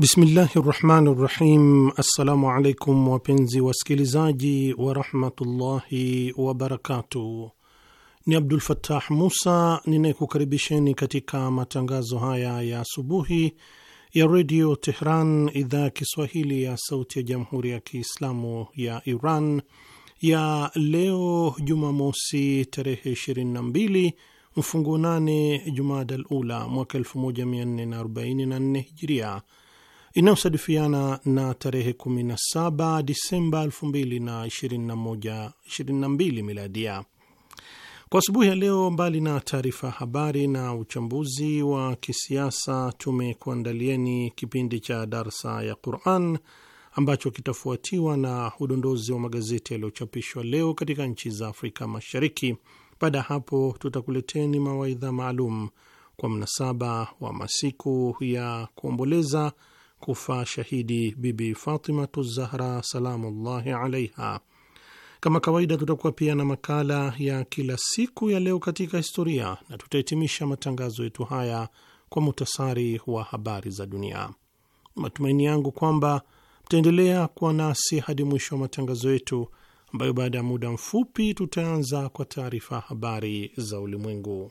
Bismillahi rahmani rahim. Assalamu alaikum wapenzi wasikilizaji warahmatullahi wabarakatuh. Ni Abdul Fattah Musa ninayekukaribisheni katika matangazo haya ya asubuhi ya redio Tehran, idhaa ya Kiswahili ya sauti ya jamhuri ya Kiislamu ya Iran ya leo Jumamosi tarehe 22 mfungu 8 Jumadal Ula mwaka 1444 hijiria inayosadifiana na tarehe 17 Disemba 2021 miladia. Kwa asubuhi ya leo, mbali na taarifa ya habari na uchambuzi wa kisiasa, tumekuandalieni kipindi cha darsa ya Quran ambacho kitafuatiwa na udondozi wa magazeti yaliyochapishwa leo katika nchi za Afrika Mashariki. Baada ya hapo, tutakuleteni mawaidha maalum kwa mnasaba wa masiku ya kuomboleza kufa shahidi Bibi Fatimatu Zahra salamullahi alaiha. Kama kawaida, tutakuwa pia na makala ya kila siku ya leo katika historia na tutahitimisha matangazo yetu haya kwa muhtasari wa habari za dunia. Matumaini yangu kwamba mtaendelea kuwa nasi hadi mwisho wa matangazo yetu, ambayo baada ya muda mfupi tutaanza kwa taarifa habari za ulimwengu.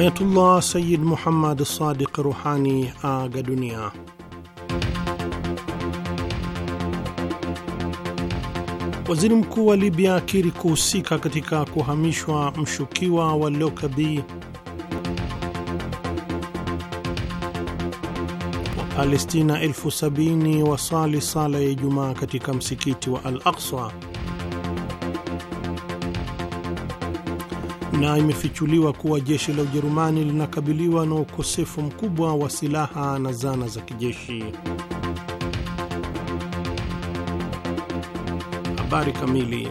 Ayatullah Sayyid Muhammad Sadiq Ruhani aga dunia. Waziri mkuu wa Libya akiri kuhusika katika kuhamishwa mshukiwa wa Lokabi. Wapalestina elfu sabini wasali sala ya Ijumaa katika msikiti wa Al Aqsa. na imefichuliwa kuwa jeshi la Ujerumani linakabiliwa na ukosefu mkubwa wa silaha na zana za kijeshi. Habari kamili.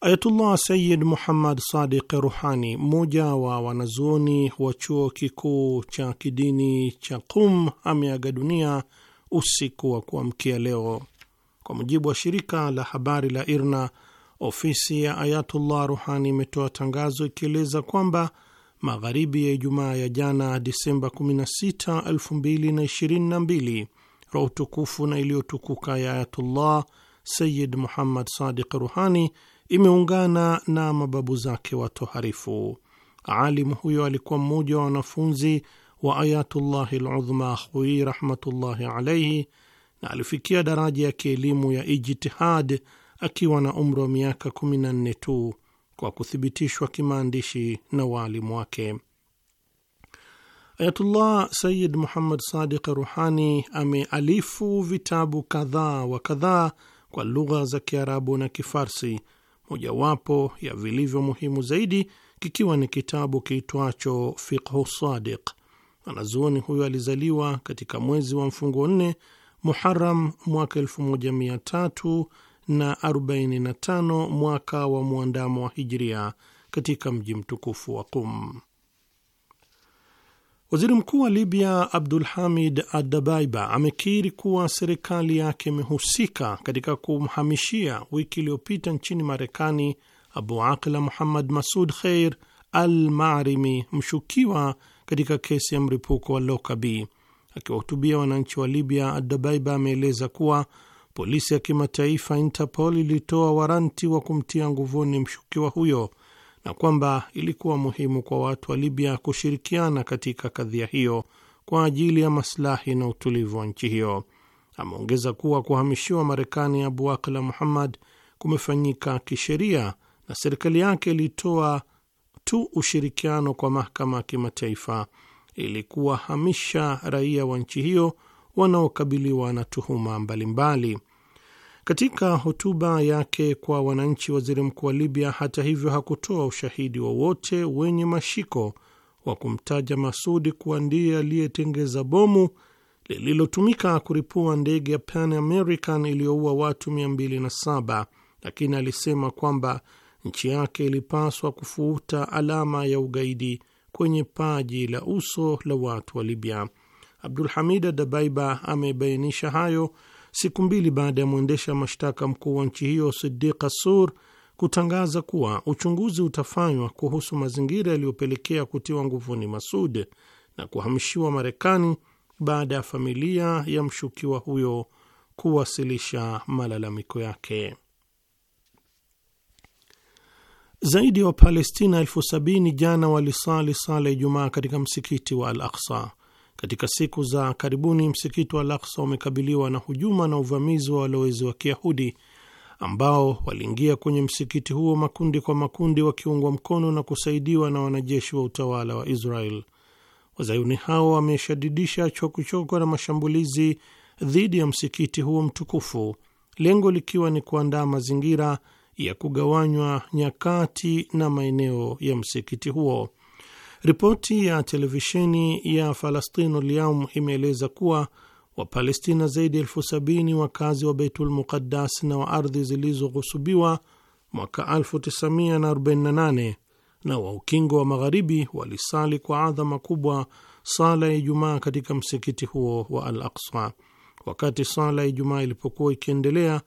Ayatullah Sayid Muhammad Sadiq Ruhani, mmoja wa wanazuoni wa chuo kikuu cha kidini cha Qum, ameaga dunia usiku wa kuamkia leo, kwa mujibu wa shirika la habari la IRNA. Ofisi ya Ayatullah Ruhani imetoa tangazo ikieleza kwamba magharibi ya Ijumaa ya jana Disemba 16, 2022 roho tukufu na iliyotukuka ya Ayatullah Sayid Muhammad Sadiq Ruhani imeungana na mababu zake watoharifu. Alimu huyo alikuwa mmoja wa wanafunzi wa Ayatullah Ludhma Khui rahmatullahi alaihi, na alifikia daraja ya kielimu ya ijtihad akiwa na umri wa miaka 14 tu kwa kuthibitishwa kimaandishi na waalimu wake. Ayatullah Sayid Muhammad Sadiq Ruhani amealifu vitabu kadhaa wa kadhaa kwa lugha za Kiarabu na Kifarsi, mojawapo ya vilivyo muhimu zaidi kikiwa ni kitabu kiitwacho Fiqhu Sadiq. Mwanazuoni huyo alizaliwa katika mwezi wa mfungo nne Muharam mwaka tatu na 45 mwaka wa mwandamo wa Hijria katika mji mtukufu wa Qum. Waziri mkuu wa Libya Abdul Hamid Adabaiba amekiri kuwa serikali yake imehusika katika kumhamishia wiki iliyopita nchini Marekani Abu Aqila Muhammad Masud kheir Al Marimi, mshukiwa katika kesi ya mripuko wa Lokabi. Akiwahutubia wananchi wa Libya, Adabaiba ameeleza kuwa polisi ya kimataifa Interpol ilitoa waranti wa kumtia nguvuni mshukiwa huyo na kwamba ilikuwa muhimu kwa watu wa Libya kushirikiana katika kadhia hiyo kwa ajili ya maslahi na utulivu wa nchi hiyo. Ameongeza kuwa kuhamishiwa Marekani Abu Akla Muhammad kumefanyika kisheria na serikali yake ilitoa tu ushirikiano kwa mahakama ya kimataifa ili kuwahamisha raia wa nchi hiyo wanaokabiliwa na tuhuma mbalimbali. Katika hotuba yake kwa wananchi, waziri mkuu wa Libya hata hivyo hakutoa ushahidi wowote wenye mashiko wa kumtaja Masudi kuwa ndiye aliyetengeza bomu lililotumika kuripua ndege ya Pan American iliyoua watu 207 lakini alisema kwamba nchi yake ilipaswa kufuta alama ya ugaidi kwenye paji la uso la watu wa Libya. Abdul Hamid Adabaiba amebainisha hayo siku mbili baada ya mwendesha mashtaka mkuu wa nchi hiyo Sidiq Assur kutangaza kuwa uchunguzi utafanywa kuhusu mazingira yaliyopelekea kutiwa nguvuni Masud na kuhamishiwa Marekani baada ya familia ya mshukiwa huyo kuwasilisha malalamiko yake. Zaidi ya Wapalestina elfu sabini jana walisali sala Ijumaa katika msikiti wa Al Aksa. Katika siku za karibuni msikiti wa Al-Aqsa umekabiliwa na hujuma na uvamizi wa walowezi wa Kiyahudi ambao waliingia kwenye msikiti huo makundi kwa makundi, wakiungwa mkono na kusaidiwa na wanajeshi wa utawala wa Israel. Wazayuni hao wameshadidisha chokochoko na mashambulizi dhidi ya msikiti huo mtukufu, lengo likiwa ni kuandaa mazingira ya kugawanywa nyakati na maeneo ya msikiti huo. Ripoti ya televisheni ya falastino Lyaum imeeleza kuwa Wapalestina zaidi ya elfu sabini wakazi wa Beitul Muqaddas na wa ardhi zilizoghusubiwa mwaka 1948 na wa Ukingo wa Magharibi walisali kwa adhama kubwa sala ya Ijumaa katika msikiti huo wa Al Aqsa. Wakati sala ya Ijumaa ilipokuwa ikiendelea,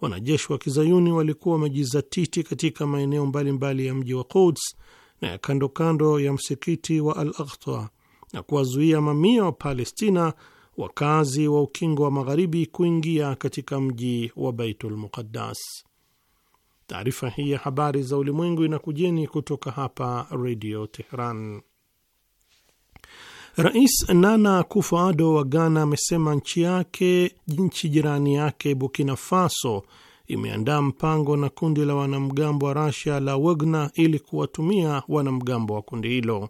wanajeshi wa kizayuni walikuwa wamejizatiti katika maeneo mbalimbali ya mji wa Quds na kando kando ya msikiti wa Al Aghta na kuwazuia mamia wa Palestina wakazi wa ukingo wa magharibi kuingia katika mji wa Baitul Muqaddas. Taarifa hii ya habari za ulimwengu inakujeni kutoka hapa Redio Tehran. Rais Nana Akufo-Addo wa Ghana amesema nchi yake, nchi jirani yake Burkina Faso imeandaa mpango na kundi la wanamgambo wa rasia la Wagner ili kuwatumia wanamgambo wa kundi hilo.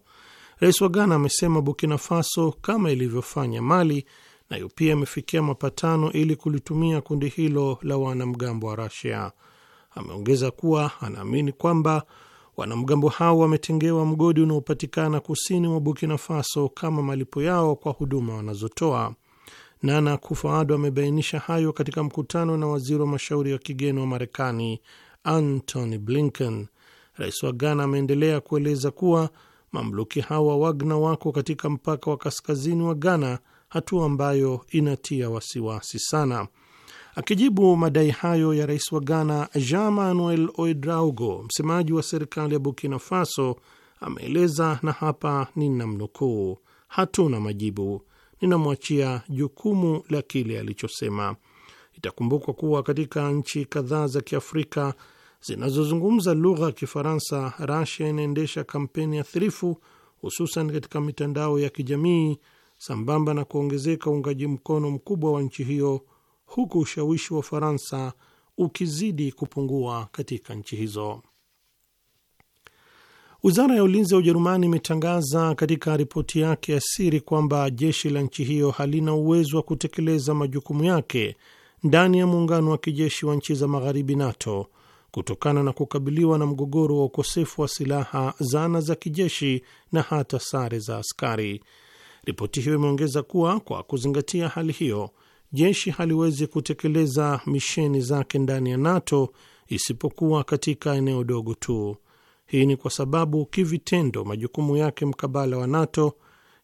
Rais wa Ghana amesema Burkina Faso kama ilivyofanya Mali nayo pia imefikia mapatano ili kulitumia kundi hilo la wanamgambo wa rasia Ameongeza kuwa anaamini kwamba wanamgambo hao wametengewa mgodi unaopatikana kusini mwa Burkina Faso kama malipo yao kwa huduma wanazotoa. Nana Akufo-Addo amebainisha hayo katika mkutano na waziri wa mashauri ya kigeni wa Marekani Antony Blinken. Rais wa Ghana ameendelea kueleza kuwa mamluki hawa Wagner wako katika mpaka wa kaskazini wa Ghana, hatua ambayo inatia wasiwasi sana. Akijibu madai hayo ya rais wa Ghana, Jean Manuel Ouedraogo, msemaji wa serikali ya Burkina Faso, ameeleza na hapa ninamnukuu, hatuna majibu ninamwachia jukumu la kile alichosema. Itakumbukwa kuwa katika nchi kadhaa za Kiafrika zinazozungumza lugha ya Kifaransa, Rasia inaendesha kampeni athirifu, hususan katika mitandao ya kijamii, sambamba na kuongezeka uungaji mkono mkubwa wa nchi hiyo, huku ushawishi wa Faransa ukizidi kupungua katika nchi hizo. Wizara ya ulinzi ya Ujerumani imetangaza katika ripoti yake ya siri kwamba jeshi la nchi hiyo halina uwezo wa kutekeleza majukumu yake ndani ya muungano wa kijeshi wa nchi za magharibi NATO kutokana na kukabiliwa na mgogoro wa ukosefu wa silaha, zana za kijeshi na hata sare za askari. Ripoti hiyo imeongeza kuwa kwa kuzingatia hali hiyo, jeshi haliwezi kutekeleza misheni zake ndani ya NATO isipokuwa katika eneo dogo tu. Hii ni kwa sababu kivitendo majukumu yake mkabala wa NATO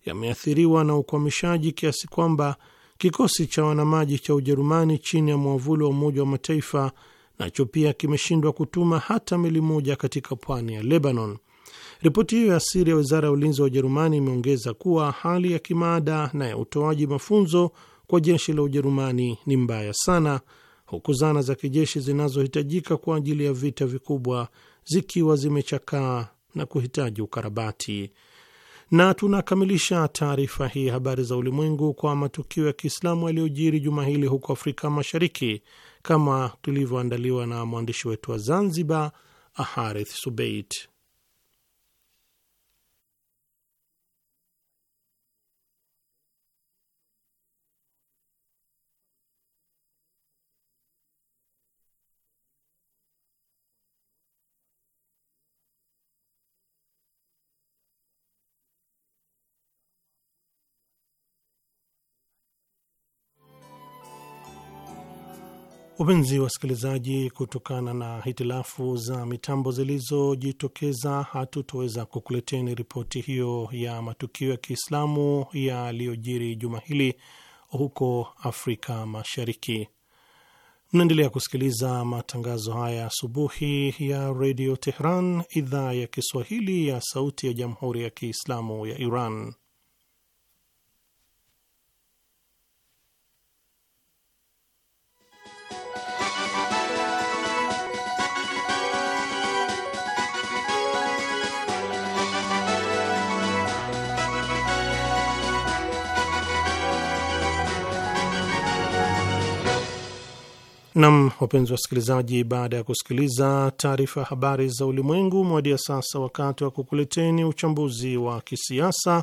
yameathiriwa na ukwamishaji kiasi kwamba kikosi cha wanamaji cha Ujerumani chini ya mwavuli wa Umoja wa Mataifa nacho pia kimeshindwa kutuma hata meli moja katika pwani ya Lebanon. Ripoti hiyo ya siri ya wizara ya ulinzi wa Ujerumani imeongeza kuwa hali ya kimaada na ya utoaji mafunzo kwa jeshi la Ujerumani ni mbaya sana, huku zana za kijeshi zinazohitajika kwa ajili ya vita vikubwa zikiwa zimechakaa na kuhitaji ukarabati. Na tunakamilisha taarifa hii habari za ulimwengu kwa matukio ya Kiislamu yaliyojiri juma hili huko Afrika Mashariki, kama tulivyoandaliwa na mwandishi wetu wa Zanzibar, Aharith Subeit. Wapenzi wasikilizaji, kutokana na hitilafu za mitambo zilizojitokeza hatutoweza kukuleteni ripoti hiyo ya matukio ya Kiislamu yaliyojiri juma hili huko Afrika Mashariki. Mnaendelea kusikiliza matangazo haya asubuhi ya Redio Tehran, idhaa ya Kiswahili ya Sauti ya Jamhuri ya Kiislamu ya Iran. Nam, wapenzi wasikilizaji, baada ya kusikiliza taarifa ya habari za ulimwengu, mwadia sasa wakati wa kukuleteni uchambuzi wa kisiasa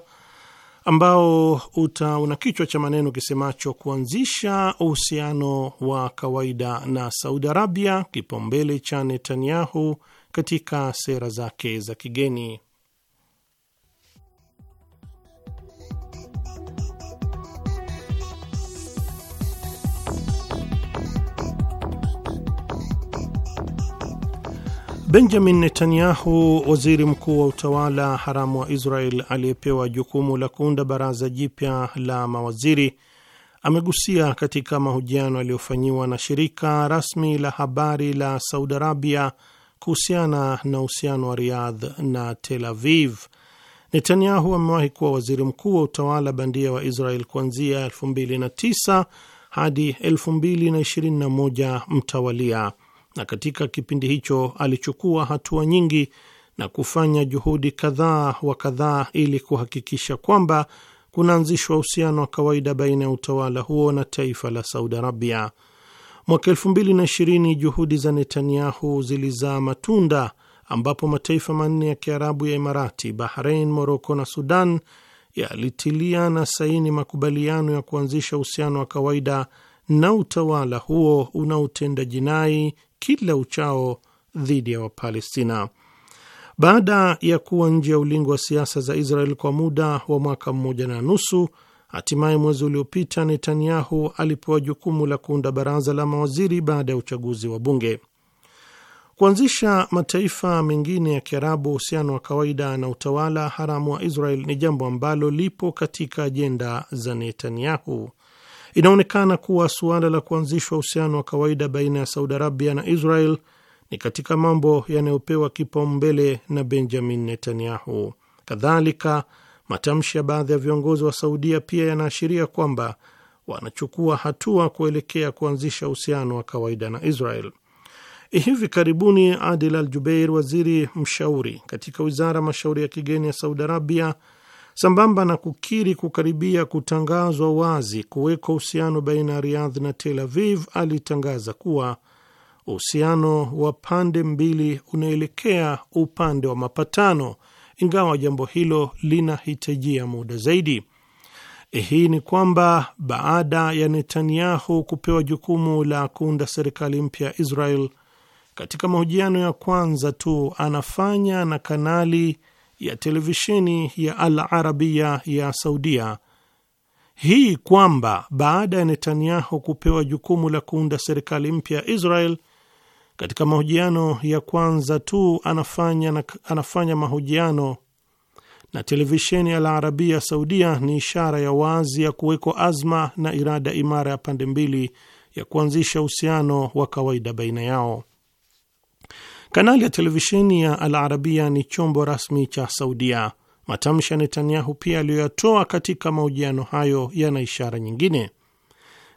ambao utauna kichwa cha maneno kisemacho kuanzisha uhusiano wa kawaida na Saudi Arabia, kipaumbele cha Netanyahu katika sera zake za kigeni. Benjamin Netanyahu, waziri mkuu wa utawala haramu wa Israel aliyepewa jukumu la kuunda baraza jipya la mawaziri, amegusia katika mahojiano aliyofanyiwa na shirika rasmi la habari la Saudi Arabia kuhusiana na uhusiano wa Riyadh na Tel Aviv. Netanyahu amewahi kuwa waziri mkuu wa utawala bandia wa Israel kuanzia 2009 hadi 2021 mtawalia na katika kipindi hicho alichukua hatua nyingi na kufanya juhudi kadhaa wa kadhaa ili kuhakikisha kwamba kunaanzishwa uhusiano wa kawaida baina ya utawala huo na taifa la Saudi Arabia. Mwaka elfu mbili na ishirini juhudi za Netanyahu zilizaa matunda ambapo mataifa manne ya Kiarabu ya Imarati, bahrein Moroko na Sudan yalitilia na saini makubaliano ya kuanzisha uhusiano wa kawaida na utawala huo unaotenda jinai kila uchao dhidi ya Wapalestina. Baada ya kuwa nje ya ulingo wa siasa za Israel kwa muda wa mwaka mmoja na nusu, hatimaye mwezi uliopita Netanyahu alipewa jukumu la kuunda baraza la mawaziri baada ya uchaguzi wa bunge. Kuanzisha mataifa mengine ya Kiarabu uhusiano wa kawaida na utawala haramu wa Israel ni jambo ambalo lipo katika ajenda za Netanyahu Inaonekana kuwa suala la kuanzishwa uhusiano wa kawaida baina ya Saudi Arabia na Israel ni katika mambo yanayopewa kipaumbele na Benjamin Netanyahu. Kadhalika, matamshi ya baadhi ya viongozi wa Saudia pia yanaashiria kwamba wanachukua hatua kuelekea kuanzisha uhusiano wa kawaida na Israel. Hivi karibuni Adil Al Jubeir, waziri mshauri katika wizara mashauri ya kigeni ya Saudi Arabia, sambamba na kukiri kukaribia kutangazwa wazi kuwekwa uhusiano baina ya Riyadh na Tel Aviv, alitangaza kuwa uhusiano wa pande mbili unaelekea upande wa mapatano, ingawa jambo hilo linahitajia muda zaidi. Eh, hii ni kwamba baada ya Netanyahu kupewa jukumu la kuunda serikali mpya ya Israel, katika mahojiano ya kwanza tu anafanya na kanali ya televisheni ya Al Arabiya ya Saudia hii kwamba baada ya Netanyahu kupewa jukumu la kuunda serikali mpya ya Israel, katika mahojiano ya kwanza tu anafanya, na, anafanya mahojiano na televisheni ya Al Arabia Saudia ni ishara ya wazi ya kuweko azma na irada imara ya pande mbili ya kuanzisha uhusiano wa kawaida baina yao. Kanali ya televisheni ya Al Arabia ni chombo rasmi cha Saudia. Matamshi ya Netanyahu pia aliyoyatoa katika mahojiano hayo yana ishara nyingine.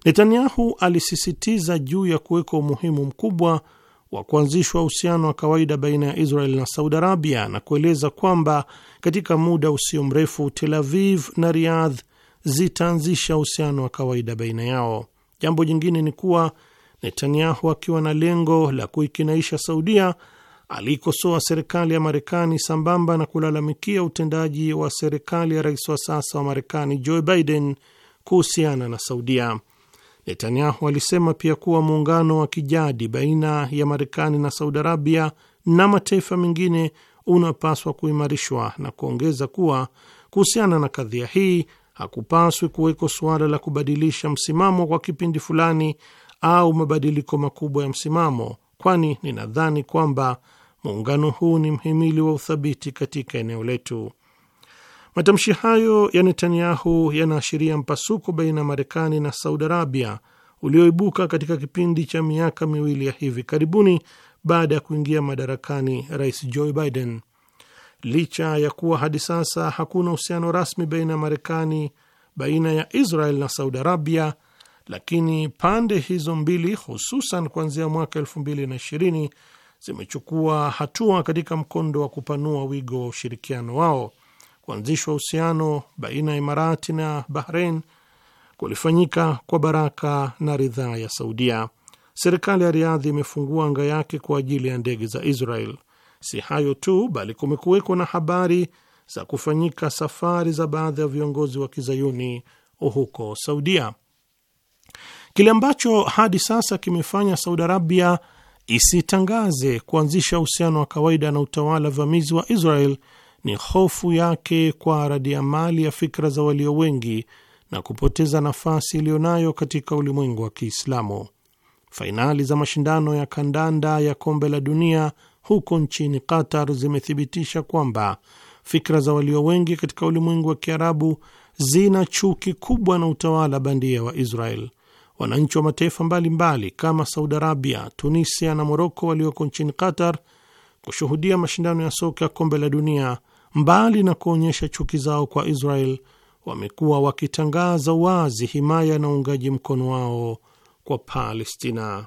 Netanyahu alisisitiza juu ya kuweka umuhimu mkubwa wa kuanzishwa uhusiano wa kawaida baina ya Israel na Saudi Arabia na kueleza kwamba katika muda usio mrefu Tel Aviv na Riyadh zitaanzisha uhusiano wa kawaida baina yao. Jambo jingine ni kuwa Netanyahu akiwa na lengo la kuikinaisha Saudia alikosoa serikali ya Marekani sambamba na kulalamikia utendaji wa serikali ya rais wa sasa wa Marekani Joe Biden kuhusiana na Saudia. Netanyahu alisema pia kuwa muungano wa kijadi baina ya Marekani na Saudi Arabia na mataifa mengine unapaswa kuimarishwa na kuongeza kuwa kuhusiana na kadhia hii hakupaswi kuweko suala la kubadilisha msimamo kwa kipindi fulani au mabadiliko makubwa ya msimamo, kwani ninadhani kwamba muungano huu ni mhimili wa uthabiti katika eneo letu. Matamshi hayo ya Netanyahu yanaashiria mpasuko baina ya Marekani na Saudi Arabia ulioibuka katika kipindi cha miaka miwili ya hivi karibuni baada ya kuingia madarakani Rais Joe Biden. Licha ya kuwa hadi sasa hakuna uhusiano rasmi baina ya Marekani, baina ya Israel na Saudi Arabia lakini pande hizo mbili hususan kuanzia mwaka ishirini zimechukua hatua katika mkondo wa kupanua wigo wa ushirikiano wao. Kuanzishwa uhusiano baina ya Imarati na Bahrein kulifanyika kwa baraka na ridhaa ya Saudia. Serikali ya Riadhi imefungua anga yake kwa ajili ya ndege za Israel. Si hayo tu, bali kumekuwekwa na habari za kufanyika safari za baadhi ya viongozi wa kizayuni huko Saudia kile ambacho hadi sasa kimefanya Saudi Arabia isitangaze kuanzisha uhusiano wa kawaida na utawala vamizi wa Israel ni hofu yake kwa radiamali ya fikra za walio wengi na kupoteza nafasi iliyonayo katika ulimwengu wa Kiislamu. Fainali za mashindano ya kandanda ya kombe la dunia huko nchini Qatar zimethibitisha kwamba fikra za walio wengi katika ulimwengu wa Kiarabu zina chuki kubwa na utawala bandia wa Israel wananchi wa mataifa mbalimbali kama Saudi Arabia, Tunisia na Moroko walioko nchini Qatar kushuhudia mashindano ya soka ya kombe la dunia, mbali na kuonyesha chuki zao kwa Israel, wamekuwa wakitangaza wazi himaya na uungaji mkono wao kwa Palestina.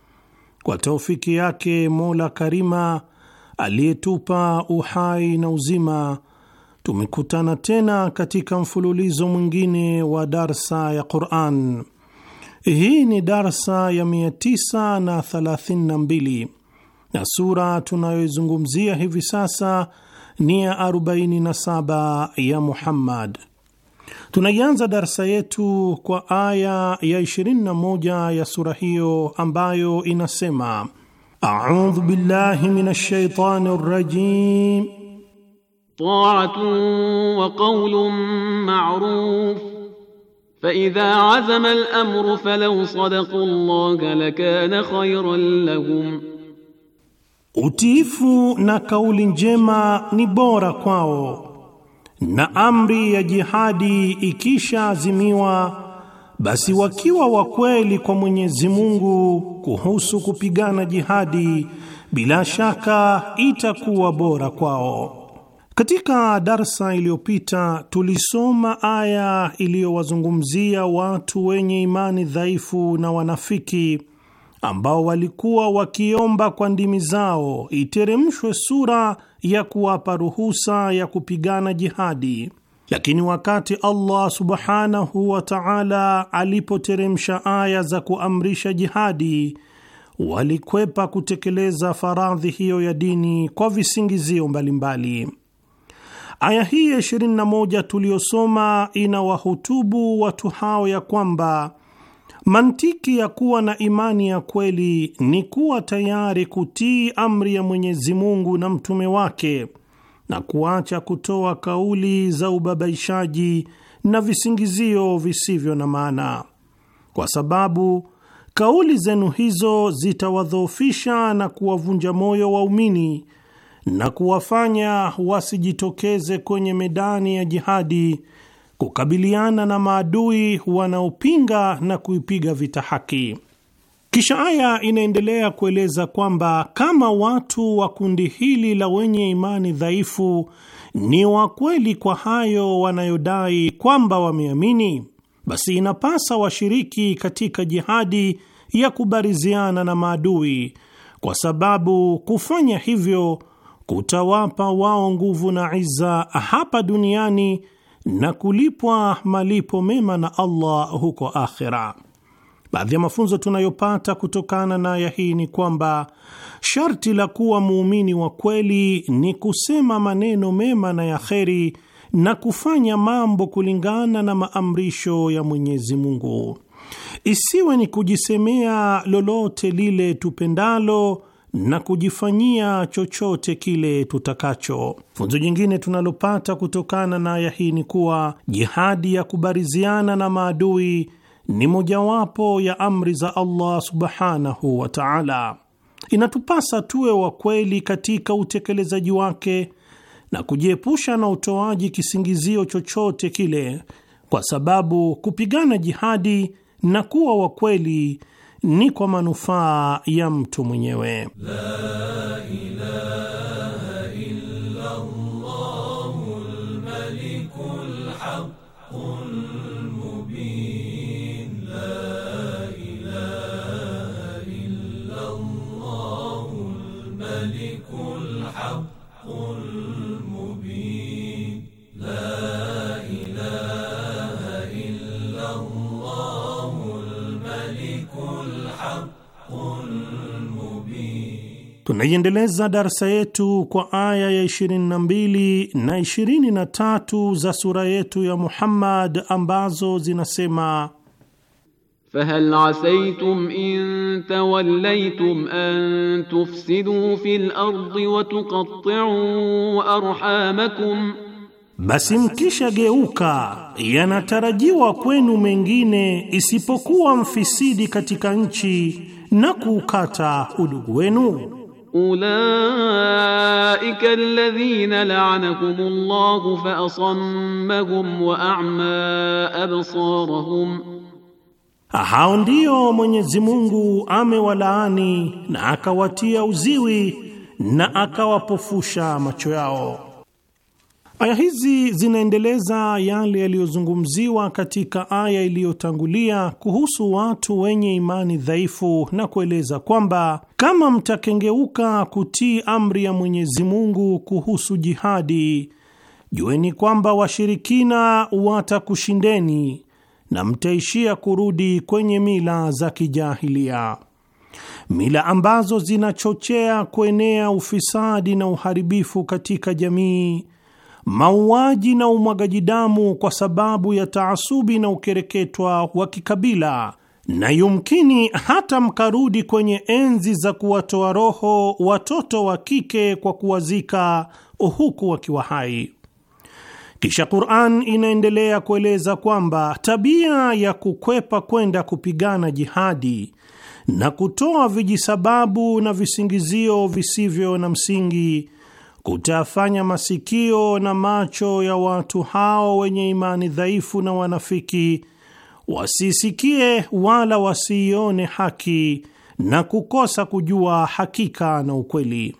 kwa taufiki yake Mola Karima aliyetupa uhai na uzima, tumekutana tena katika mfululizo mwingine wa darsa ya Quran. Hii ni darsa ya 932 na sura tunayoizungumzia hivi sasa ni ya 47 ya Muhammad. Tunaianza darsa yetu kwa aya ya 21 ya sura hiyo ambayo inasema: audhu billahi minash shaitani rrajim taatun wa qaulun ma'ruf fa idha azama al-amru falaw sadaqu Allaha lakana khayran lahum, utiifu na kauli njema ni bora kwao na amri ya jihadi ikishaazimiwa, basi wakiwa wa kweli kwa Mwenyezi Mungu kuhusu kupigana jihadi, bila shaka itakuwa bora kwao. Katika darsa iliyopita tulisoma aya iliyowazungumzia watu wenye imani dhaifu na wanafiki ambao walikuwa wakiomba kwa ndimi zao iteremshwe sura ya kuwapa ruhusa ya kupigana jihadi. Lakini wakati Allah subhanahu wa ta'ala alipoteremsha aya za kuamrisha jihadi, walikwepa kutekeleza faradhi hiyo ya dini kwa visingizio mbalimbali. Aya hii ya 21 tuliyosoma inawahutubu watu hao ya kwamba Mantiki ya kuwa na imani ya kweli ni kuwa tayari kutii amri ya Mwenyezi Mungu na mtume wake na kuacha kutoa kauli za ubabaishaji na visingizio visivyo na maana, kwa sababu kauli zenu hizo zitawadhoofisha na kuwavunja moyo waumini na kuwafanya wasijitokeze kwenye medani ya jihadi kukabiliana na maadui wanaopinga na kuipiga vita haki. Kisha aya inaendelea kueleza kwamba kama watu wa kundi hili la wenye imani dhaifu ni wakweli kwa hayo wanayodai kwamba wameamini, basi inapasa washiriki katika jihadi ya kubariziana na maadui, kwa sababu kufanya hivyo kutawapa wao nguvu na iza hapa duniani na kulipwa malipo mema na Allah huko akhira. Baadhi ya mafunzo tunayopata kutokana na aya hii ni kwamba sharti la kuwa muumini wa kweli ni kusema maneno mema na ya kheri na kufanya mambo kulingana na maamrisho ya Mwenyezi Mungu, isiwe ni kujisemea lolote lile tupendalo na kujifanyia chochote kile tutakacho. Funzo jingine tunalopata kutokana na aya hii ni kuwa jihadi ya kubariziana na maadui ni mojawapo ya amri za Allah subhanahu wa ta'ala. Inatupasa tuwe wa kweli katika utekelezaji wake na kujiepusha na utoaji kisingizio chochote kile, kwa sababu kupigana jihadi na kuwa wa kweli ni kwa manufaa ya mtu mwenyewe La ilaha Tunaiendeleza darsa yetu kwa aya ya 22 na 23 za sura yetu ya Muhammad ambazo zinasema Fahal asaytum in tawallaytum an tufsidu fil ardi wa tuqatti'u arhamakum, basi mkisha geuka yanatarajiwa kwenu mengine isipokuwa mfisidi katika nchi na kuukata udugu wenu. Ulaika alladhina la'anahumullahu fa asammahum wa a'ma absarahum, hao ndio Mwenyezi Mungu amewalaani na akawatia uziwi na akawapofusha macho yao. Aya hizi zinaendeleza yale yaliyozungumziwa katika aya iliyotangulia kuhusu watu wenye imani dhaifu na kueleza kwamba kama mtakengeuka kutii amri ya Mwenyezi Mungu kuhusu jihadi, jueni kwamba washirikina watakushindeni na mtaishia kurudi kwenye mila za kijahilia, mila ambazo zinachochea kuenea ufisadi na uharibifu katika jamii mauaji na umwagaji damu kwa sababu ya taasubi na ukereketwa wa kikabila, na yumkini hata mkarudi kwenye enzi za kuwatoa roho watoto wa kike kwa kuwazika huku wakiwa hai. Kisha Qur'an inaendelea kueleza kwamba tabia ya kukwepa kwenda kupigana jihadi na kutoa vijisababu na visingizio visivyo na msingi kutafanya masikio na macho ya watu hao wenye imani dhaifu na wanafiki wasisikie wala wasiione haki na kukosa kujua hakika na ukweli.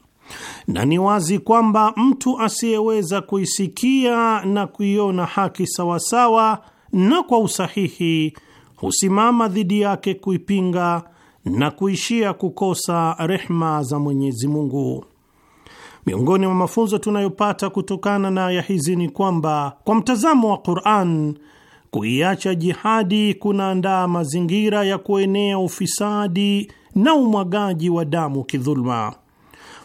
Na ni wazi kwamba mtu asiyeweza kuisikia na kuiona haki sawasawa na kwa usahihi husimama dhidi yake kuipinga na kuishia kukosa rehma za Mwenyezi Mungu. Miongoni mwa mafunzo tunayopata kutokana na aya hizi ni kwamba kwa mtazamo wa Qur'an, kuiacha jihadi kunaandaa mazingira ya kuenea ufisadi na umwagaji wa damu kidhuluma.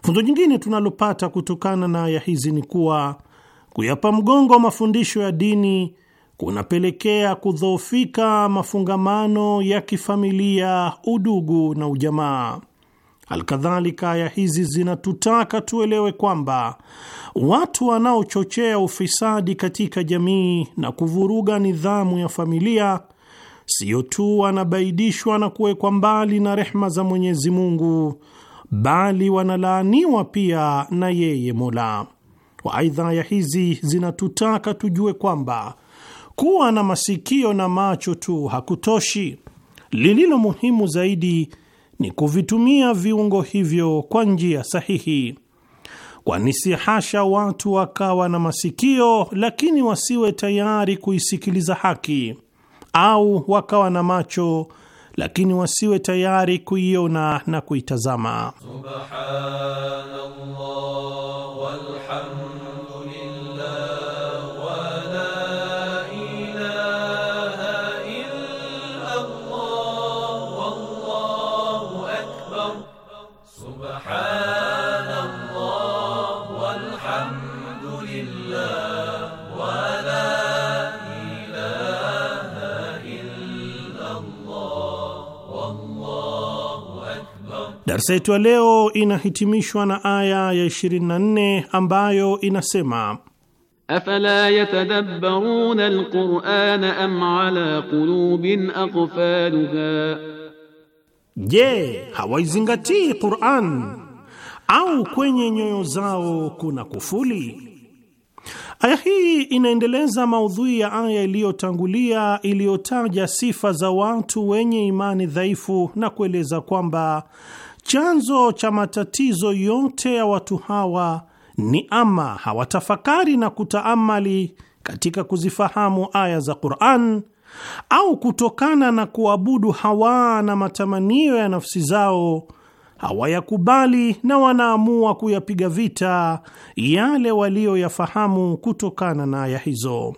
Funzo jingine tunalopata kutokana na aya hizi ni kuwa kuyapa mgongo wa mafundisho ya dini kunapelekea kudhoofika mafungamano ya kifamilia, udugu na ujamaa. Alkadhalika, aya hizi zinatutaka tuelewe kwamba watu wanaochochea ufisadi katika jamii na kuvuruga nidhamu ya familia sio tu wanabaidishwa na kuwekwa mbali na rehma za Mwenyezi Mungu, bali wanalaaniwa pia na yeye Mola wa. Aidha, aya hizi zinatutaka tujue kwamba kuwa na masikio na macho tu hakutoshi. Lililo muhimu zaidi ni kuvitumia viungo hivyo kwa njia sahihi, kwani si hasha watu wakawa na masikio lakini wasiwe tayari kuisikiliza haki, au wakawa na macho lakini wasiwe tayari kuiona na kuitazama Subhana. Darsa yetu ya leo inahitimishwa na aya ya 24 ambayo inasema Afala yatadabbaruna alquran am ala qulubin aqfalha, Je, hawaizingatii Qur'an au kwenye nyoyo zao kuna kufuli? Aya hii inaendeleza maudhui ya aya iliyotangulia iliyotaja sifa za watu wenye imani dhaifu na kueleza kwamba Chanzo cha matatizo yote ya watu hawa ni ama hawatafakari na kutaamali katika kuzifahamu aya za Qur'an au kutokana na kuabudu hawa na matamanio ya nafsi zao hawayakubali na wanaamua kuyapiga vita yale waliyoyafahamu kutokana na aya hizo.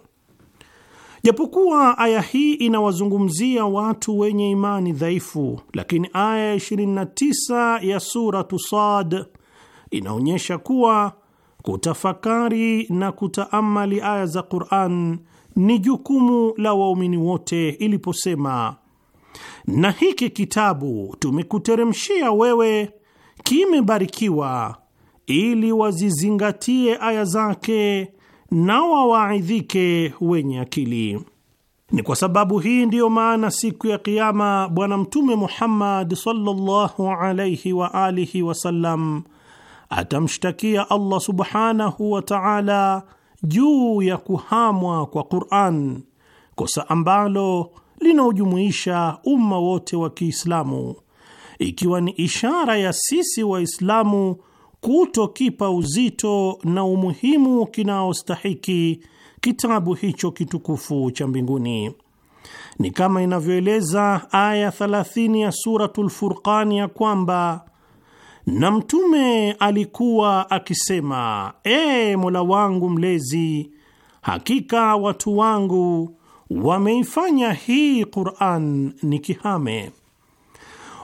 Japokuwa aya hii inawazungumzia watu wenye imani dhaifu, lakini aya 29 ya Suratu Sad inaonyesha kuwa kutafakari na kutaamali aya za Qur'an ni jukumu la waumini wote iliposema, na hiki kitabu tumekuteremshia wewe kimebarikiwa, ili wazizingatie aya zake na wawaidhike wenye akili. Ni kwa sababu hii ndiyo maana siku ya Kiama Bwana Mtume Muhammad sallallahu alaihi wa alihi wasallam atamshtakia Allah subhanahu wa taala juu ya kuhamwa kwa Quran, kosa ambalo linaojumuisha umma wote wa Kiislamu, ikiwa ni ishara ya sisi Waislamu kutokipa uzito na umuhimu kinaostahiki kitabu hicho kitukufu cha mbinguni. Ni kama inavyoeleza aya 30 ya Suratul Furqani ya kwamba na Mtume alikuwa akisema, E Mola wangu Mlezi, hakika watu wangu wameifanya hii Quran ni kihame.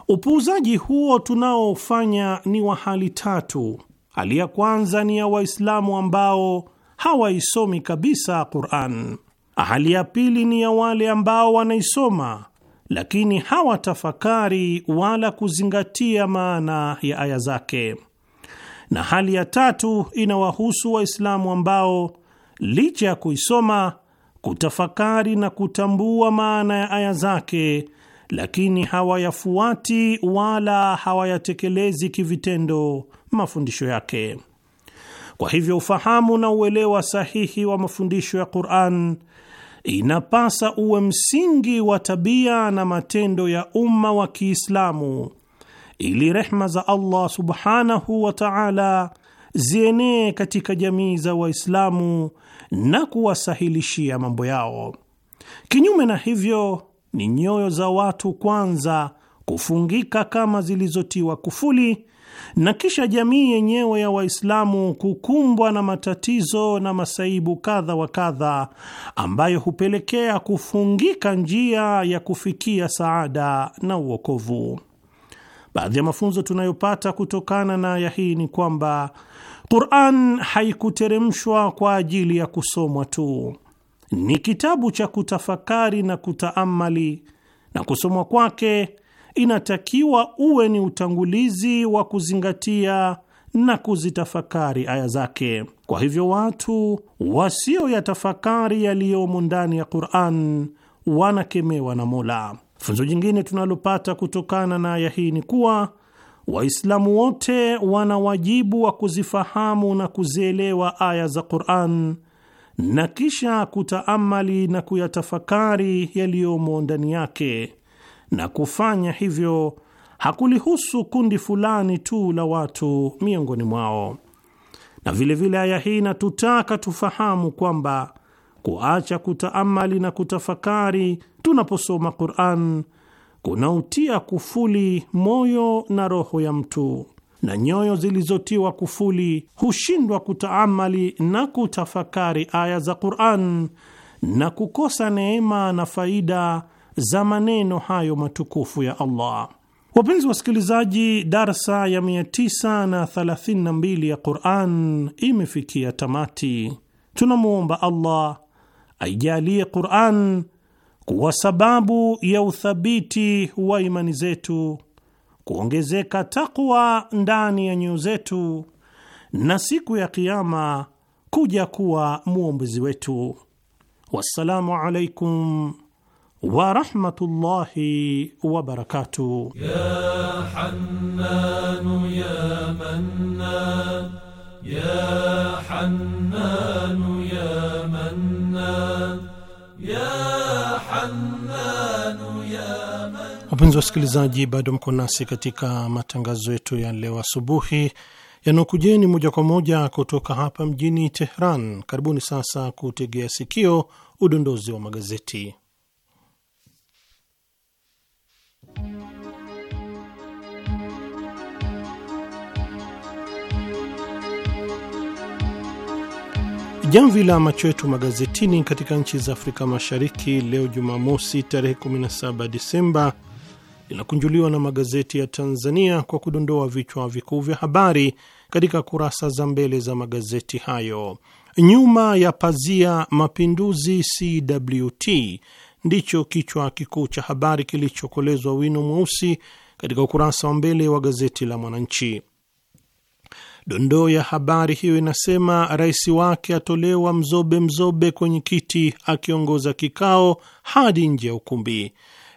Upuuzaji huo tunaofanya ni wa hali tatu. Hali ya kwanza ni ya Waislamu ambao hawaisomi kabisa Quran. Hali ya pili ni ya wale ambao wanaisoma lakini hawatafakari wala kuzingatia maana ya aya zake, na hali ya tatu inawahusu Waislamu ambao licha ya kuisoma, kutafakari na kutambua maana ya aya zake lakini hawayafuati wala hawayatekelezi kivitendo mafundisho yake. Kwa hivyo, ufahamu na uelewa sahihi wa mafundisho ya Qur'an inapasa uwe msingi wa tabia na matendo ya umma wa Kiislamu ili rehma za Allah subhanahu wa ta'ala zienee katika jamii za Waislamu na kuwasahilishia mambo yao. Kinyume na hivyo ni nyoyo za watu kwanza kufungika kama zilizotiwa kufuli na kisha jamii yenyewe ya Waislamu kukumbwa na matatizo na masaibu kadha wa kadha ambayo hupelekea kufungika njia ya kufikia saada na uokovu. Baadhi ya mafunzo tunayopata kutokana na aya hii ni kwamba Qur'an haikuteremshwa kwa ajili ya kusomwa tu ni kitabu cha kutafakari na kutaamali, na kusomwa kwake inatakiwa uwe ni utangulizi wa kuzingatia na kuzitafakari aya zake. Kwa hivyo watu wasio tafakari yaliyomo ndani ya Qur'an wanakemewa na Mola. Funzo jingine tunalopata kutokana na aya hii ni kuwa Waislamu wote wana wajibu wa kuzifahamu na kuzielewa aya za Qur'an na kisha kutaamali na kuyatafakari yaliyomo ndani yake, na kufanya hivyo hakulihusu kundi fulani tu la watu miongoni mwao. Na vilevile aya hii inatutaka tufahamu kwamba kuacha kutaamali na kutafakari tunaposoma Qur'an kunautia kufuli moyo na roho ya mtu na nyoyo zilizotiwa kufuli hushindwa kutaamali na kutafakari aya za Qur'an na kukosa neema na faida za maneno hayo matukufu ya Allah. Wapenzi wasikilizaji, darsa ya 932 ya Qur'an imefikia tamati. Tunamwomba Allah aijalie Qur'an kuwa sababu ya uthabiti wa imani zetu kuongezeka takwa ndani ya nyoyo zetu na siku ya Kiama kuja kuwa mwombezi wetu. Wassalamu alaikum warahmatullahi wabarakatuh. Ya Hannanu ya Hannanu Wapenzi wasikilizaji, bado mko nasi katika matangazo yetu ya leo asubuhi yanaokujeni moja kwa moja kutoka hapa mjini Tehran. Karibuni sasa kutegea sikio udondozi wa magazeti. Jamvi la macho yetu magazetini katika nchi za Afrika Mashariki leo Jumamosi tarehe 17 Disemba linakunjuliwa na magazeti ya Tanzania kwa kudondoa vichwa vikuu vya habari katika kurasa za mbele za magazeti hayo. Nyuma ya pazia mapinduzi CWT ndicho kichwa kikuu cha habari kilichokolezwa wino mweusi katika ukurasa wa mbele wa gazeti la Mwananchi. Dondoo ya habari hiyo inasema rais wake atolewa mzobe mzobe kwenye kiti akiongoza kikao hadi nje ya ukumbi.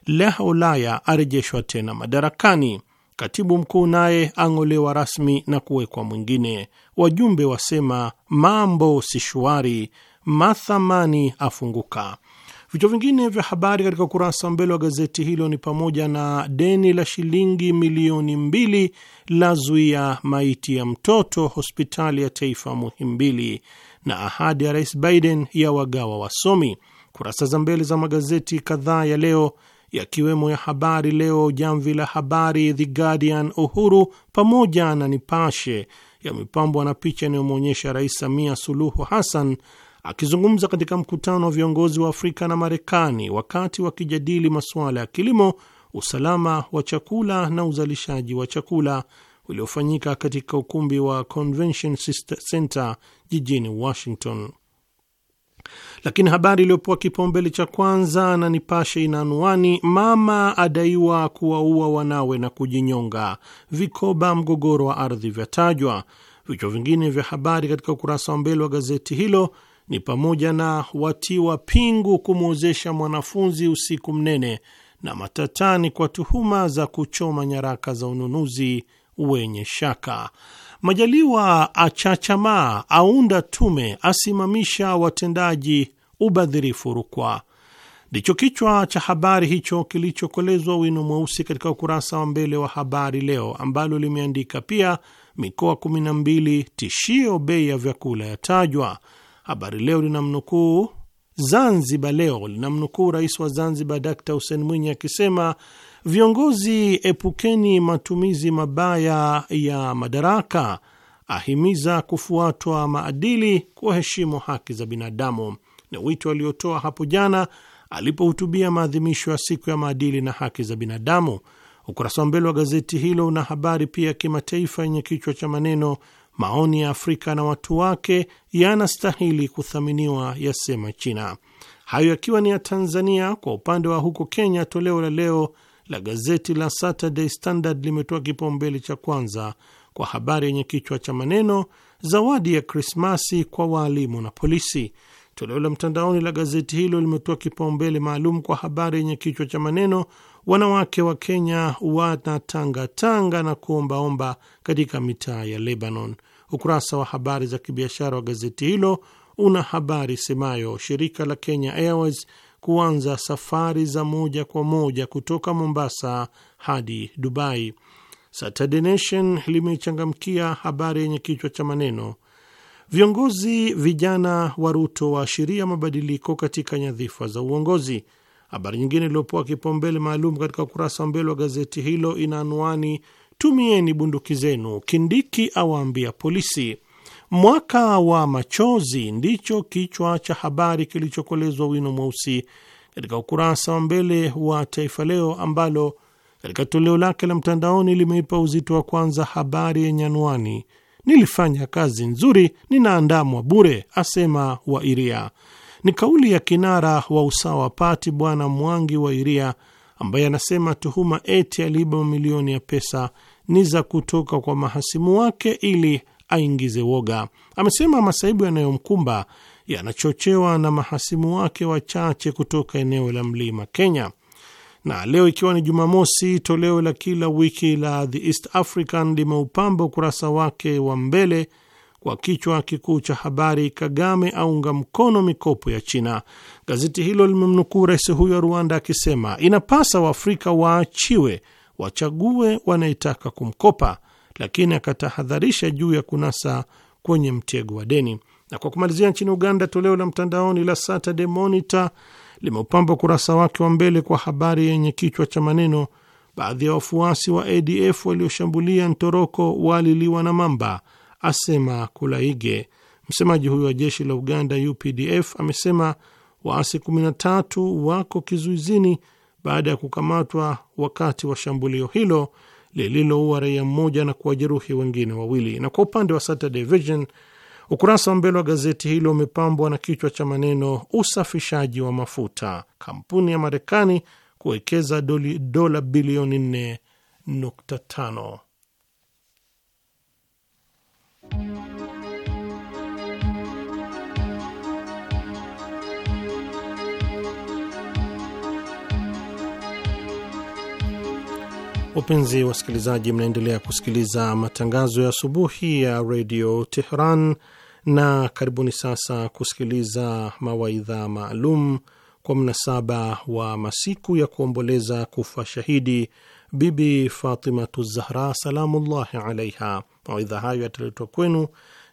Leha Ulaya arejeshwa tena madarakani. Katibu mkuu naye ang'olewa rasmi na kuwekwa mwingine. Wajumbe wasema mambo si shwari, mathamani afunguka. Vichwa vingine vya habari katika ukurasa wa mbele wa gazeti hilo ni pamoja na deni la shilingi milioni mbili la zuia maiti ya mtoto hospitali ya taifa Muhimbili, na ahadi ya Rais Biden ya wagawa wasomi. Kurasa za mbele za magazeti kadhaa ya leo yakiwemo ya Habari Leo, Jamvi la Habari, The Guardian, Uhuru pamoja na Nipashe yamepambwa na picha inayomwonyesha Rais Samia Suluhu Hassan akizungumza katika mkutano wa viongozi wa Afrika na Marekani wakati wakijadili masuala ya kilimo, usalama wa chakula na uzalishaji wa chakula uliofanyika katika ukumbi wa Convention Center jijini Washington. Lakini habari iliyopewa kipaumbele cha kwanza na Nipashe ina anwani mama adaiwa kuwaua wanawe na kujinyonga, vikoba mgogoro wa ardhi vyatajwa. Vichwa vingine vya habari katika ukurasa wa mbele wa gazeti hilo ni pamoja na watiwa pingu kumwozesha mwanafunzi usiku mnene na matatani kwa tuhuma za kuchoma nyaraka za ununuzi wenye shaka. Majaliwa achachamaa, aunda tume, asimamisha watendaji ubadhirifu Rukwa. Ndicho kichwa cha habari hicho kilichokolezwa wino mweusi katika ukurasa wa mbele wa Habari Leo, ambalo limeandika pia mikoa 12 tishio bei ya vyakula yatajwa. Habari Leo linamnukuu Zanzibar Leo linamnukuu rais wa Zanzibar Dkt Hussein Mwinyi akisema Viongozi, epukeni matumizi mabaya ya madaraka, ahimiza kufuatwa maadili, kuwaheshimu haki za binadamu. Ni wito aliotoa hapo jana alipohutubia maadhimisho ya siku ya maadili na haki za binadamu. Ukurasa wa mbele wa gazeti hilo una habari pia ya kimataifa yenye kichwa cha maneno maoni ya Afrika na watu wake yanastahili kuthaminiwa, yasema China. Hayo yakiwa ni ya Tanzania. Kwa upande wa huko Kenya, toleo la leo la gazeti la Saturday Standard limetoa kipaumbele cha kwanza kwa habari yenye kichwa cha maneno zawadi ya Krismasi kwa waalimu na polisi. Toleo la mtandaoni la gazeti hilo limetoa kipaumbele maalum kwa habari yenye kichwa cha maneno wanawake wa Kenya wanatangatanga na kuombaomba katika mitaa ya Lebanon. Ukurasa wa habari za kibiashara wa gazeti hilo una habari semayo shirika la Kenya Airways kuanza safari za moja kwa moja kutoka Mombasa hadi Dubai. Saturday Nation limechangamkia habari yenye kichwa cha maneno viongozi vijana wa Ruto waashiria mabadiliko katika nyadhifa za uongozi. Habari nyingine iliyopewa kipaumbele maalum katika ukurasa wa mbele wa gazeti hilo ina anwani tumieni bunduki zenu, Kindiki awaambia polisi. Mwaka wa machozi ndicho kichwa cha habari kilichokolezwa wino mweusi katika ukurasa wa mbele wa Taifa Leo, ambalo katika toleo lake la mtandaoni limeipa uzito wa kwanza habari yenye anwani, nilifanya kazi nzuri, ninaandamwa bure, asema Wairia. Ni kauli ya kinara wa Usawa Pati Bwana Mwangi Wairia ambaye anasema tuhuma eti aliiba mamilioni ya pesa ni za kutoka kwa mahasimu wake ili aingize woga. Amesema masaibu yanayomkumba yanachochewa na mahasimu wake wachache kutoka eneo la mlima Kenya. Na leo ikiwa ni Jumamosi, toleo la kila wiki la The East African limeupamba ukurasa wake wa mbele kwa kichwa kikuu cha habari, Kagame aunga mkono mikopo ya China. Gazeti hilo limemnukuu rais huyo wa Rwanda akisema inapasa Waafrika waachiwe wachague wanayetaka kumkopa lakini akatahadharisha juu ya kunasa kwenye mtego wa deni. Na kwa kumalizia, nchini Uganda, toleo la mtandaoni la Saturday Monitor limeupamba ukurasa wake wa mbele kwa habari yenye kichwa cha maneno, baadhi ya wafuasi wa ADF walioshambulia Ntoroko waliliwa na mamba, asema Kulaige. Msemaji huyo wa jeshi la Uganda UPDF amesema waasi 13 wako kizuizini baada ya kukamatwa wakati wa shambulio hilo lililoua raia mmoja na kuwajeruhi wengine wawili. Na kwa upande wa Saturday Vision, ukurasa wa mbele wa gazeti hilo umepambwa na kichwa cha maneno usafishaji wa mafuta, kampuni ya Marekani kuwekeza dola bilioni 4.5. Wapenzi wasikilizaji, mnaendelea kusikiliza matangazo ya asubuhi ya redio Tehran, na karibuni sasa kusikiliza mawaidha maalum kwa mnasaba wa masiku ya kuomboleza kufa shahidi Bibi Fatimatu Zahra salamullahi alaiha. Mawaidha hayo yataletwa kwenu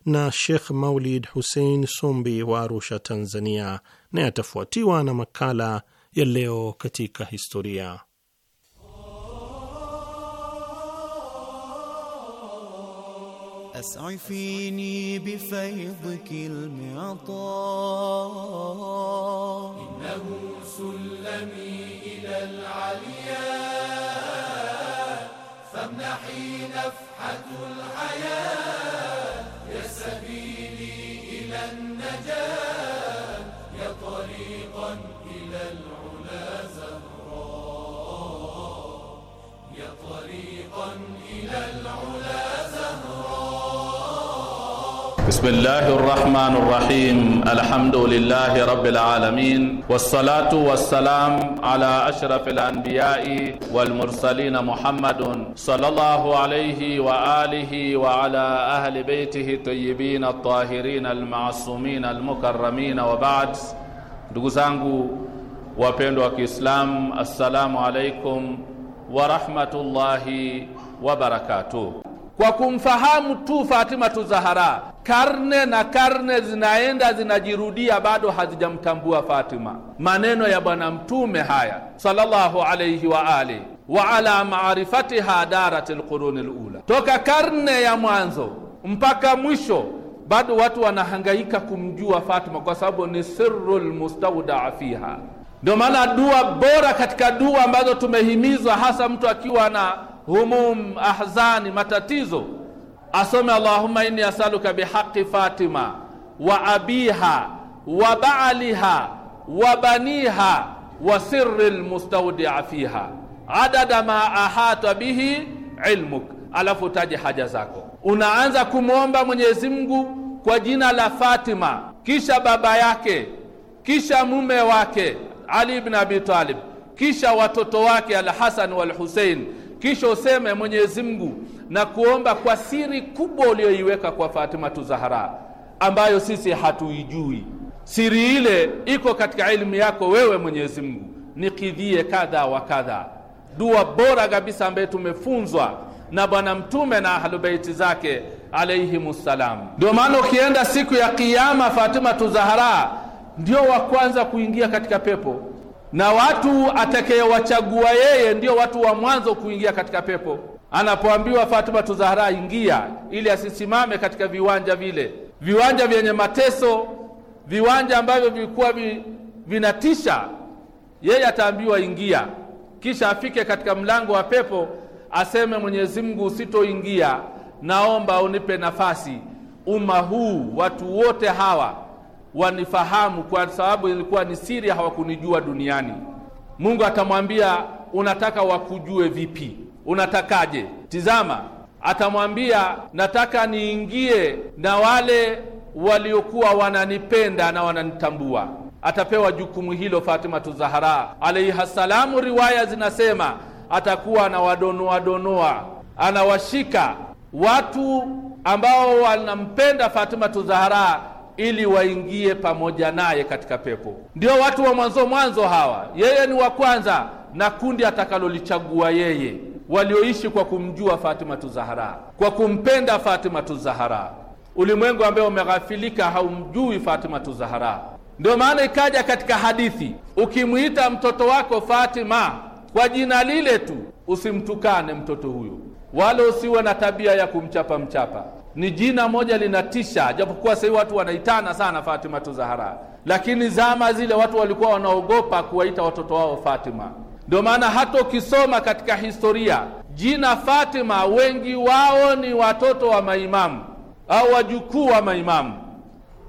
na Shekh Maulid husein Sombi wa Arusha, Tanzania, na yatafuatiwa na makala ya leo katika historia. أسعفيني بفيضك المعطاء إنه سلمي إلى العلياء فامنحي نفحة الحياة يا سبيل بسم الله الرحمن الرحيم الحمد لله رب العالمين والصلاة والسلام على أشرف الأنبياء والمرسلين محمد صلى الله عليه وآله وعلى أهل بيته الطيبين الطاهرين المعصومين المكرمين وبعد دوزانغو وبين إسلام السلام عليكم ورحمة الله وبركاته kwa kumfahamu tu Fatima Tuzahara. Karne na karne zinaenda zinajirudia, bado hazijamtambua Fatima. Maneno ya Bwana Mtume haya sallallahu alayhi wa ali wa ala maarifatiha darat lquruni lula toka karne ya mwanzo mpaka mwisho, bado watu wanahangaika kumjua Fatima kwa sababu ni siru lmustaudaa fiha. Ndio maana dua bora katika dua ambazo tumehimizwa, hasa mtu akiwa na humum, ahzani, matatizo, asome allahumma inni asaluka bihaqi Fatima wa abiha wa baaliha wa baniha wa sirri lmustaudia fiha adada ma ahata bihi ilmuk, alafu taje haja zako. Unaanza kumwomba Mwenyezi Mungu kwa jina la Fatima, kisha baba yake, kisha mume wake Ali ibn Abi Talib, kisha watoto wake Alhasan walhusein kisha useme mwenyezi mungu na kuomba kwa siri kubwa uliyoiweka kwa fatima tuzahara ambayo sisi hatuijui siri ile iko katika elimu yako wewe mwenyezi mungu nikidhie kadha wa kadha dua bora kabisa ambaye tumefunzwa na bwana mtume na ahlubeiti zake ssalam ndio maana ukienda siku ya kiama fatima tuzahara ndio wa kwanza kuingia katika pepo na watu atakayewachagua yeye ndio watu wa mwanzo kuingia katika pepo. Anapoambiwa Fatima Tuzahara, ingia, ili asisimame katika viwanja vile, viwanja vyenye mateso, viwanja ambavyo vilikuwa vi, vinatisha. Yeye ataambiwa ingia, kisha afike katika mlango wa pepo, aseme Mwenyezi Mungu, usitoingia, naomba unipe nafasi. Umma huu watu wote hawa wanifahamu, kwa sababu ilikuwa ni siri, hawakunijua duniani. Mungu atamwambia unataka wakujue vipi? Unatakaje? Tizama, atamwambia nataka niingie na wale waliokuwa wananipenda na wananitambua. Atapewa jukumu hilo Fatima Tuzahara alaihi salamu. Riwaya zinasema atakuwa anawadonoa donoa, anawashika watu ambao wanampenda Fatima Tuzahara ili waingie pamoja naye katika pepo. Ndio watu wa mwanzo mwanzo hawa, yeye ni wa kwanza na kundi atakalolichagua yeye, walioishi kwa kumjua Fatima Tuzahara, kwa kumpenda Fatima Tuzahara. Ulimwengu ambaye umeghafilika haumjui Fatima Tuzahara. Ndio maana ikaja katika hadithi, ukimwita mtoto wako Fatima kwa jina lile tu, usimtukane mtoto huyo, wala usiwe na tabia ya kumchapa mchapa ni jina moja linatisha, japokuwa sahii watu wanaitana sana Fatima tu Zahara, lakini zama zile watu walikuwa wanaogopa kuwaita watoto wao Fatima. Ndio maana hata ukisoma katika historia jina Fatima, wengi wao ni watoto wa maimamu au wajukuu wa maimamu,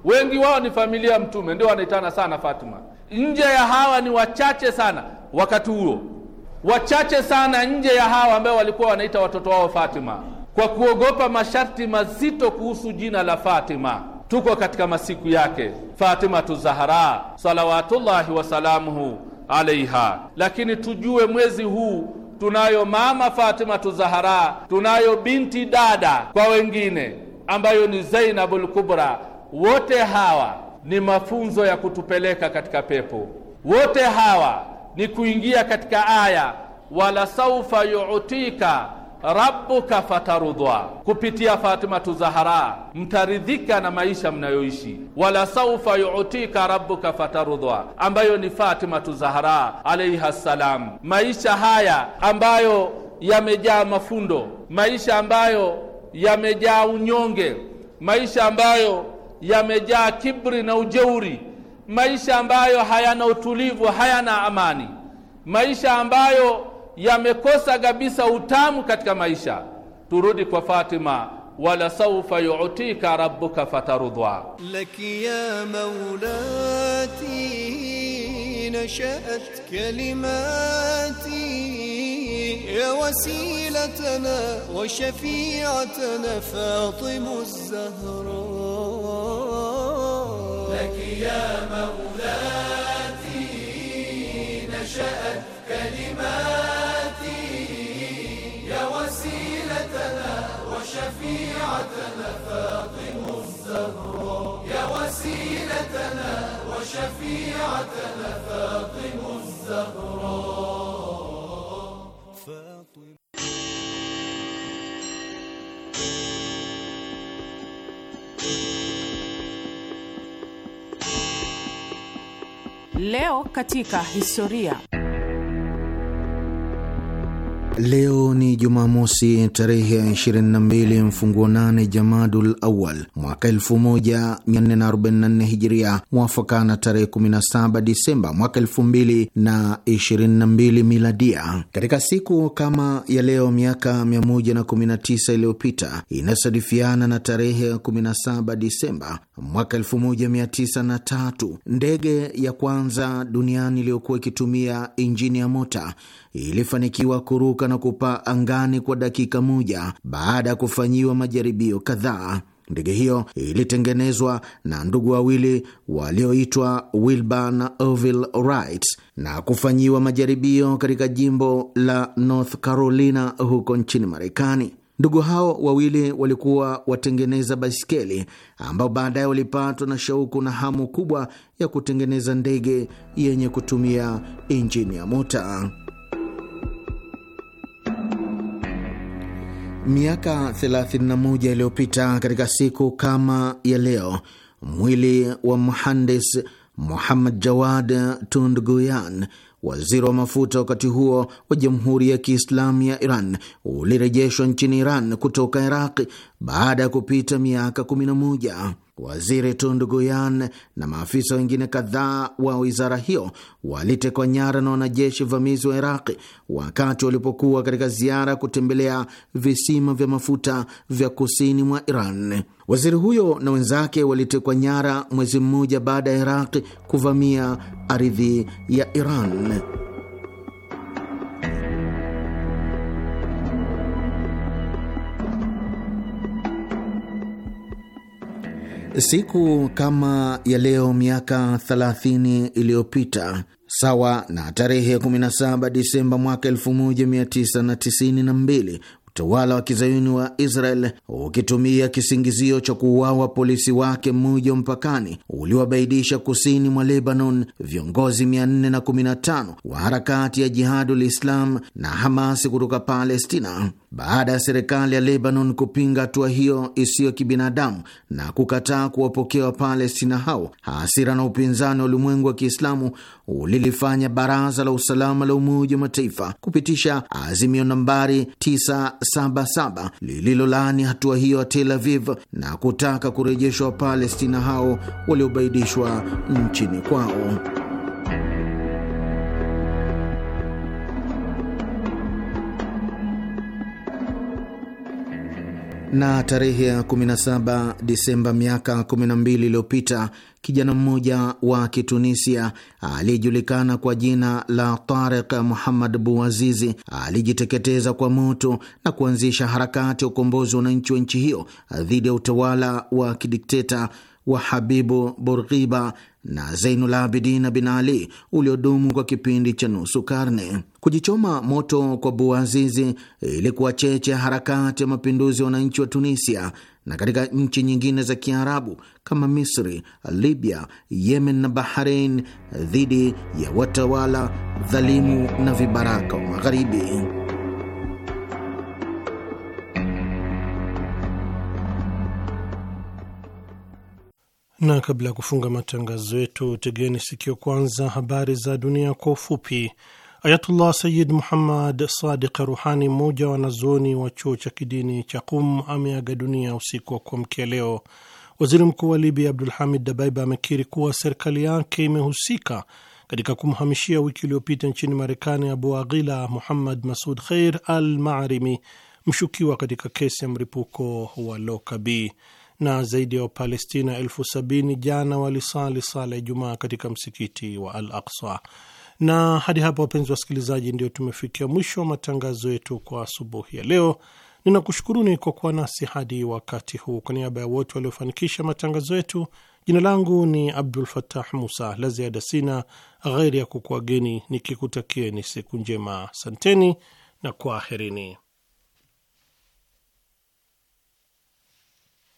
wengi wao ni familia ya Mtume, ndio wanaitana sana Fatima. Nje ya hawa ni wachache sana, wakati huo wachache sana nje ya hawa ambao walikuwa wanaita watoto wao Fatima kwa kuogopa masharti mazito kuhusu jina la Fatima. Tuko katika masiku yake Fatimatu Zahara salawatullahi wasalamuhu alaiha, lakini tujue mwezi huu tunayo mama Fatimatu Zahara, tunayo binti dada kwa wengine ambayo ni Zainabul Kubra. Wote hawa ni mafunzo ya kutupeleka katika pepo, wote hawa ni kuingia katika aya wala saufa yuutika rabuka fatarudhwa kupitia Fatimatu Zahara mtaridhika na maisha mnayoishi. Wala saufa yutika rabuka fatarudhwa ambayo ni Fatimatu Zahara alaiha ssalam. Maisha haya ambayo yamejaa mafundo, maisha ambayo yamejaa unyonge, maisha ambayo yamejaa kibri na ujeuri, maisha ambayo hayana utulivu, hayana amani, maisha ambayo yamekosa kabisa utamu katika maisha turudi kwa Fatima wala saufa yu'tika rabbuka fatarudwa laki ya maulati nashat kalimati ya wasilatana wa shafi'atana fatimu zahra laki ya maulati nashat kalimati شفيعتنا فاطم الزهراء يا وسيلتنا وشفيعتنا فاطم الزهراء فاطم Leo katika historia. Leo ni Jumamosi tarehe ya 22 mfunguo 8 Jamadul Awal mwaka 1444 Hijiria, mwafaka na tarehe 17 Disemba mwaka 2022 Miladia. Katika siku kama ya leo miaka 119 iliyopita, inasadifiana na tarehe 17 Disemba mwaka 1903, ndege ya kwanza duniani iliyokuwa ikitumia injini ya mota ilifanikiwa kuruka na kupaa angani kwa dakika moja baada ya kufanyiwa majaribio kadhaa. Ndege hiyo ilitengenezwa na ndugu wawili walioitwa Wilbur na Orville Wright na kufanyiwa majaribio katika jimbo la North Carolina huko nchini Marekani. Ndugu hao wawili walikuwa watengeneza baiskeli ambao baadaye walipatwa na shauku na hamu kubwa ya kutengeneza ndege yenye kutumia injini ya mota. Miaka 31 iliyopita katika siku kama ya leo, mwili wa mhandis Muhammad Jawad Tundguyan, waziri wa mafuta wakati huo wa Jamhuri ya Kiislamu ya Iran, ulirejeshwa nchini Iran kutoka Iraqi baada ya kupita miaka 11. Waziri Tundu Guyan na maafisa wengine kadhaa wa wizara hiyo walitekwa nyara na wanajeshi vamizi wa Iraqi wakati walipokuwa katika ziara kutembelea visima vya mafuta vya kusini mwa Iran. Waziri huyo na wenzake walitekwa nyara mwezi mmoja baada ya Iraqi kuvamia ardhi ya Iran. Siku kama ya leo miaka 30 iliyopita sawa na tarehe 17 Disemba mwaka 1992 utawala wa kizayuni wa Israel ukitumia kisingizio cha kuuawa polisi wake mmoja mpakani uliwabaidisha kusini mwa Lebanon viongozi 415 wa harakati ya Jihadul Islam na Hamasi kutoka Palestina baada ya serikali ya Lebanon kupinga hatua hiyo isiyo kibinadamu na kukataa kuwapokea Wapalestina hao, hasira na upinzani wa ulimwengu wa Kiislamu ulilifanya Baraza la Usalama la Umoja wa Mataifa kupitisha azimio nambari 977 lililolaani hatua hiyo ya Tel Aviv na kutaka kurejeshwa Wapalestina hao waliobaidishwa nchini kwao. Na tarehe ya 17 Disemba miaka 12 iliyopita, kijana mmoja wa Kitunisia aliyejulikana kwa jina la tarik Muhammad Buazizi alijiteketeza kwa moto na kuanzisha harakati ya ukombozi wa wananchi wa nchi hiyo dhidi ya utawala wa kidikteta wa Habibu burghiba na zeinul Abidin bin Ali uliodumu kwa kipindi cha nusu karne. Kujichoma moto kwa Buazizi ilikuwa cheche ya harakati ya mapinduzi ya wananchi wa Tunisia na katika nchi nyingine za Kiarabu kama Misri, Libya, Yemen na Bahrain dhidi ya watawala dhalimu na vibaraka wa Magharibi. na kabla ya kufunga matangazo yetu, tegeni sikio kwanza habari za dunia kwa ufupi. Ayatullah Sayid Muhammad Sadiq Ruhani, mmoja wa wanazuoni wa chuo cha kidini cha Qum, ameaga dunia usiku wa kuamkia leo. Waziri Mkuu wa libia Abdul Hamid Dabaiba amekiri kuwa serikali yake imehusika katika kumhamishia wiki iliyopita nchini Marekani Abu Aghila Muhammad Masud Khair Al Marimi, mshukiwa katika kesi ya mripuko wa Lokabi na zaidi ya Wapalestina elfu sabini jana walisali sala ya Ijumaa katika msikiti wa Al Aksa. Na hadi hapa, wapenzi wa wasikilizaji, ndio tumefikia mwisho wa matangazo yetu kwa asubuhi ya leo. Ninakushukuruni kwa kuwa nasi hadi wakati huu. Kwa niaba ya wote waliofanikisha matangazo yetu, jina langu ni Abdul Fatah Musa. La ziada sina ghairi ya kukuageni nikikutakieni siku njema. Santeni na kwaherini.